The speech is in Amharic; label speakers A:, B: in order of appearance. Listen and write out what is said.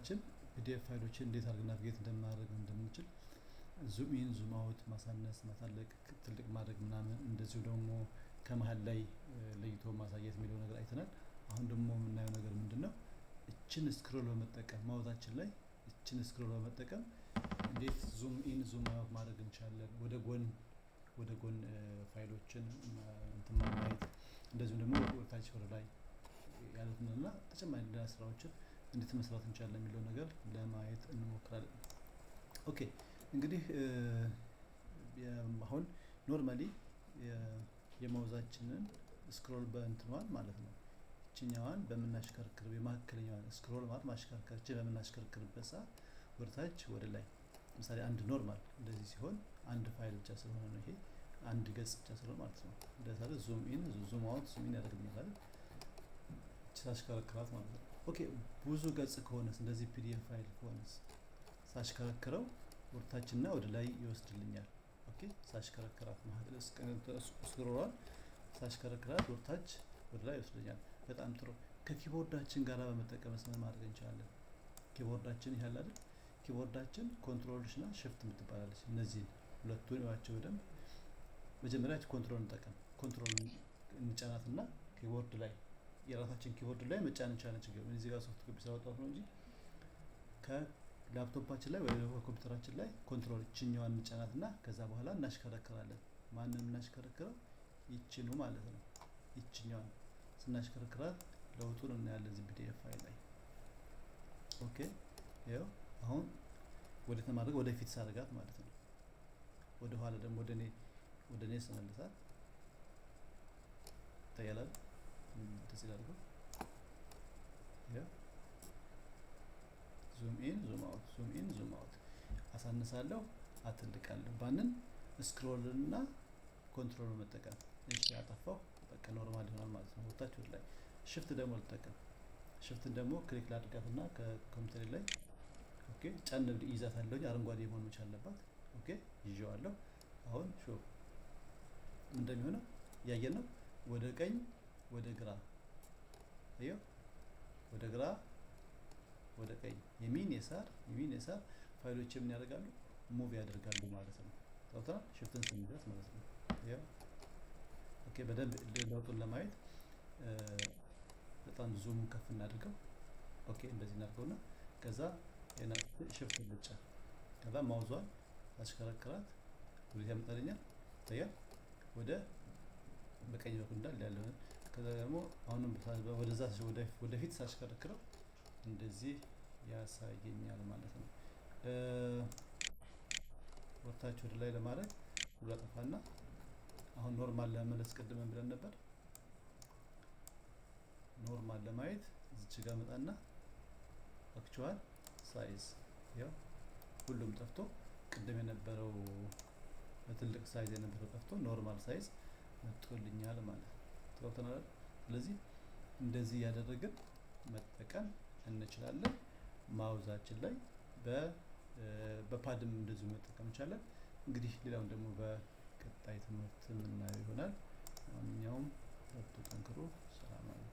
A: በመረዳታችን ፒዲኤፍ ፋይሎችን እንዴት አድርገን ናቪጌት እንደማድረግ እንደምንችል ዙም ኢን ዙም አውት ማሳነስ፣ ማሳለቅ፣ ትልቅ ማድረግ ምናምን እንደዚሁ ደግሞ ከመሀል ላይ ለይቶ ማሳየት የሚለው ነገር አይተናል። አሁን ደግሞ የምናየው ነገር ምንድን ነው? እችን ስክሮል በመጠቀም ማውታችን ላይ እችን ስክሮል በመጠቀም እንዴት ዙም ኢን ዙም አውት ማድረግ እንችላለን። ወደ ጎን ወደ ጎን ፋይሎችን እንትን ማየት እንደዚሁም ደግሞ ወታች ወደ ላይ ያሉትንና ተጨማሪ ሌላ ስራዎችን እንዴት መስራት እንችላለን የሚለው ነገር ለማየት እንሞክራለን። ኦኬ እንግዲህ አሁን ኖርማሊ የማውዛችንን ስክሮል በእንትኗን ማለት ነው ይችኛዋን በምናሽከርክር የመካከለኛዋን ስክሮል ማለት ማሽከርከር እችን በምናሽከርክርበት ሰዓት ወደ ወደ ላይ ለምሳሌ አንድ ኖርማል እንደዚህ ሲሆን አንድ ፋይል ብቻ ስለሆነ ነው ይሄ አንድ ገጽ ብቻ ስለሆነ ማለት ነው። እንደሳለ ዙም ኢን ዙም አውት ዙም ኢን ያደርግልኛል እች ታሽከረክራት ማለት ነው። ኦኬ ብዙ ገጽ ከሆነስ እንደዚህ ፒዲኤፍ ፋይል ከሆነስ ሳሽከረክረው ወርታችንና ወደ ላይ ይወስድልኛል። ኦኬ ሳሽከረክራት ስክሮሯን ሳሽከረክራት ወርታች ወደ ላይ ይወስድልኛል። በጣም ጥሩ። ከኪቦርዳችን ጋር በመጠቀምስ ምን ማድረግ እንችላለን? ኪቦርዳችን ይሄ አለ አይደል? ኪቦርዳችን ኮንትሮሎች እና ሽፍት የምትባላለች። እነዚህን ሁለቱን እዋቸው በደንብ መጀመሪያ ኮንትሮል እንጠቀም። ኮንትሮል እንጫናትና ኪቦርድ ላይ የራሳችን ኪቦርድ ላይ መጫን እንችላለን። ችግር ምን እዚህ ጋር ሶፍት ኮፒ ስላወጣሁት ነው እንጂ ከላፕቶፓችን ላይ ወይ ኮምፒውተራችን ላይ ኮንትሮል ይችኛዋን እንጫናት እና ከዛ በኋላ እናሽከረክራለን። ማንን እናሽከረክረው? ይችኑ ማለት ነው። ይችኛዋን ስናሽከረክራት ለውጡን እናያለን እዚህ ፒዲኤፍ ፋይል ላይ ኦኬ። ይኸው አሁን ወደ ተማድረግ ወደፊት ሳደርጋት ማለት ነው። ወደ ኋላ ደግሞ ወደ እኔ ወደ እኔ ስመልሳት ይታያላል። እንደዚህ ላድርገው። ዙም ኢን ዙም አውት ዙም ኢን ዙም አውት አሳንሳለሁ፣ አትልቃለሁ። ባንን ስክሮል እና ኮንትሮል መጠቀም እሺ፣ አጠፋው። በቃ ኖርማል ይሆናል ማለት ነው። ወታችሁ ላይ ሽፍት ደግሞ ልጠቀም። ሽፍትን ደግሞ ክሊክ ላድርጋትና ከኮምፒውተር ላይ ኦኬ፣ ጫን ብድ ይዛት አረንጓዴ መሆን መቻል አለባት። ኦኬ፣ ይዤዋለሁ። አሁን ሾ እንደሚሆነው ያየን ነው ወደ ቀኝ ወደ ግራ አዩ ወደ ግራ ወደ ቀኝ የሚን የሳር የሚን የሳር ፋይሎች ምን ያደርጋሉ ሙቭ ያደርጋሉ ማለት ነው። ታውታ ሽፍትን ስንደርስ ማለት ነው። አዩ ኦኬ፣ በደንብ ለውጡን ለማየት በጣም ዙሙን ከፍ እናድርገው። ኦኬ፣ እንደዚህ እናድርገውና ከዛ የና ሽፍት ብቻ ከዛ ማውዟን አሽከረከራት ወዲያ ያመጣልኛል። ታያ ወደ በቀኝ በኩል እንዳለ ያለውን ከዛ ደግሞ አሁንም ወደዛ ወደፊት ሳሽከረክረው እንደዚህ ያሳየኛል ማለት ነው። ወታች ወደ ላይ ለማድረግ ሁሉ አጠፋና አሁን ኖርማል ለመመለስ ቅድመን ብለን ነበር። ኖርማል ለማየት እዚች ጋር መጣና አክቹዋል ሳይዝ ያው ሁሉም ጠፍቶ ቅድም የነበረው በትልቅ ሳይዝ የነበረው ጠፍቶ ኖርማል ሳይዝ መጥቶልኛል ማለት ነው። ተግባብተናል። ስለዚህ እንደዚህ እያደረግን መጠቀም እንችላለን። ማውዛችን ላይ በፓድም እንደዚሁ መጠቀም እንችላለን። እንግዲህ ሌላውን ደግሞ በቀጣይ ትምህርት የምናየው ይሆናል። ማንኛውም ረቱ ጠንክሮ ሰላም